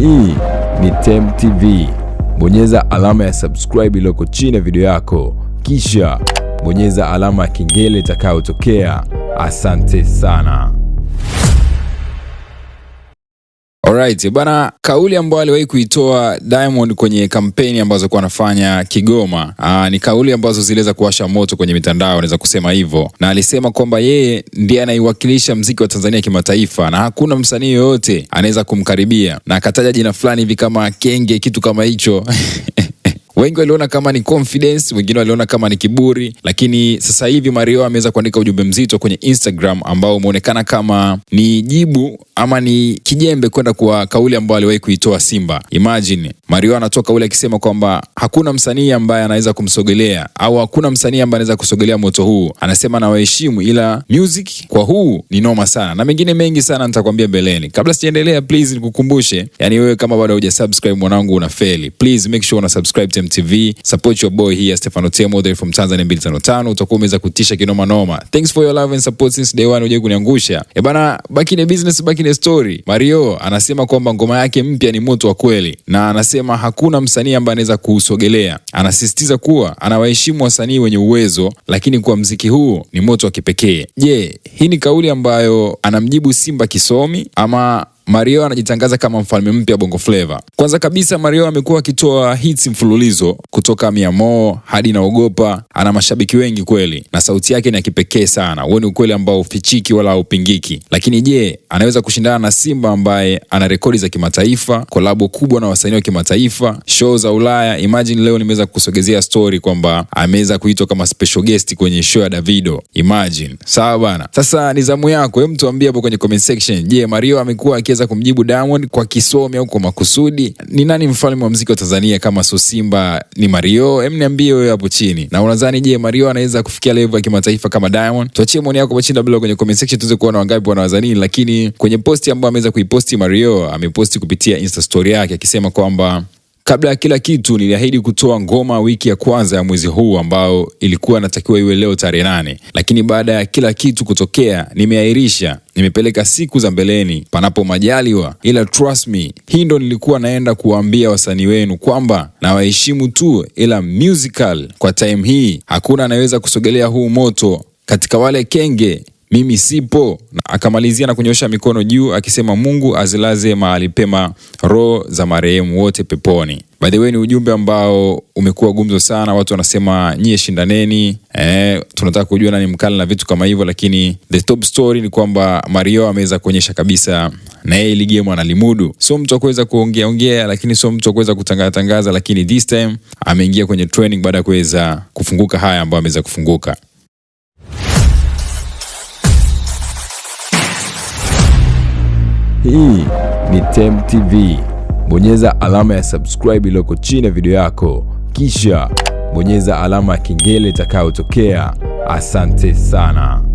Hii ni Tem TV. Bonyeza alama ya subscribe iliyoko chini ya video yako, kisha bonyeza alama ya kengele itakayotokea. Asante sana. Alright, bana, kauli ambayo aliwahi kuitoa Diamond kwenye kampeni ambazo kwa anafanya Kigoma. Aa, ah, ni kauli ambazo ziliweza kuwasha moto kwenye mitandao, naweza kusema hivyo, na alisema kwamba yeye ndiye anaiwakilisha mziki wa Tanzania kimataifa na hakuna msanii yoyote anaweza kumkaribia, na akataja jina fulani hivi kama Kenge, kitu kama hicho Wengi waliona kama ni confidence, wengine waliona kama ni kiburi, lakini sasa hivi Mario ameweza kuandika ujumbe mzito kwenye Instagram ambao umeonekana kama ni jibu ama ni kijembe kwenda kwa kauli ambayo aliwahi kuitoa Simba. Imagine Mario anatoa kauli akisema kwamba hakuna msanii ambaye anaweza kumsogelea au hakuna msanii ambaye anaweza kusogelea moto huu. Anasema anawaheshimu ila music kwa huu ni noma sana, na mengine mengi sana nitakwambia mbeleni. Kabla sijaendelea, please nikukumbushe, yani wewe kama bado hujasubscribe mwanangu, una feli. Please make sure una subscribe MTV. Support your boy here Stefano Temo there from Tanzania 255. Utakuwa umeweza kutisha kinoma noma. Thanks for your love and support since day one. uje kuniangusha. Eh bana, back in a business, back in a story. Mario anasema kwamba ngoma yake mpya ni moto wa kweli na anasema hakuna msanii ambaye anaweza kuusogelea. Anasisitiza kuwa anawaheshimu wasanii wenye uwezo, lakini kwa mziki huu ni moto wa kipekee. Je, yeah, hii ni kauli ambayo anamjibu Simba kisomi ama Mario anajitangaza kama mfalme mpya wa Bongo Flava. Kwanza kabisa, Mario amekuwa akitoa hits mfululizo kutoka Miamo hadi Naogopa. Ana mashabiki wengi kweli na sauti yake ni ya kipekee sana. Huo ni ukweli ambao ufichiki wala haupingiki. Lakini je, anaweza kushindana na Simba ambaye ana rekodi za kimataifa, kolabo kubwa na wasanii wa kimataifa, show za Ulaya? Imagine leo nimeweza kusogezea story kwamba ameweza kuitwa kama special guest kwenye show ya Davido. Imagine. Sawa bana. Sasa ni zamu yako. Hebu tuambie hapo kwenye comment section. Je, Mario amekuwa aliweza kumjibu Diamond kwa kisomi au kwa makusudi? Ni nani mfalme wa mziki wa Tanzania kama so Simba ni Mario? Em, niambie wewe hapo chini, na unadhani je, Mario anaweza kufikia level ya kimataifa kama Diamond? Tuachie maoni yako hapo chini kwenye comment section tuweze kuona wangapi wanawadhani, lakini kwenye posti ambayo ameweza kuiposti Mario, ameposti kupitia Insta story yake akisema kwamba Kabla ya kila kitu, niliahidi kutoa ngoma wiki ya kwanza ya mwezi huu ambao ilikuwa natakiwa iwe leo tarehe nane, lakini baada ya kila kitu kutokea nimeahirisha. Nimepeleka siku za mbeleni panapo majaliwa, ila trust me, hii ndo nilikuwa naenda kuwaambia wasanii wenu kwamba nawaheshimu tu, ila musical kwa time hii hakuna anayeweza kusogelea huu moto katika wale kenge mimi sipo. na Akamalizia na kunyosha mikono juu akisema, Mungu azilaze mahali pema roho za marehemu wote peponi. By the way, ni ujumbe ambao umekuwa gumzo sana. Watu wanasema nyie shindaneni, eh, tunataka kujua nani mkali na vitu kama hivyo, lakini the top story ni kwamba Mario ameweza kuonyesha kabisa na yeye ile game analimudu. Sio mtu wa kuweza kuongea ongea, lakini sio mtu wa kuweza kutangaza tangaza, lakini this time ameingia kwenye training baada ya kuweza kufunguka haya ambayo ameweza kufunguka. Hii ni Temu TV. Bonyeza alama ya subscribe iliyoko chini ya video yako, kisha bonyeza alama ya kengele itakayotokea. Asante sana.